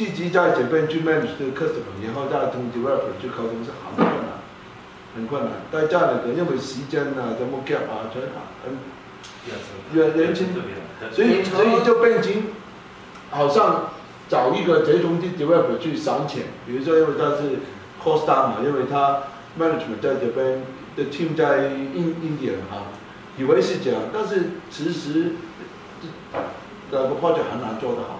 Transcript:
自己在這邊去 manage 這個 customer，然後再同 developer 去溝通是很困難，很困難在家裏的，因為時間啊，怎麼 get 啊全啊很，所以所以就變成好像找一個這種的 developer 去賞錢，比如說，因為他是 coster 嘛，因為他 management 在這邊的 team 在 in India 哈，以為是這樣，但是其實時這個 project 很難做得好。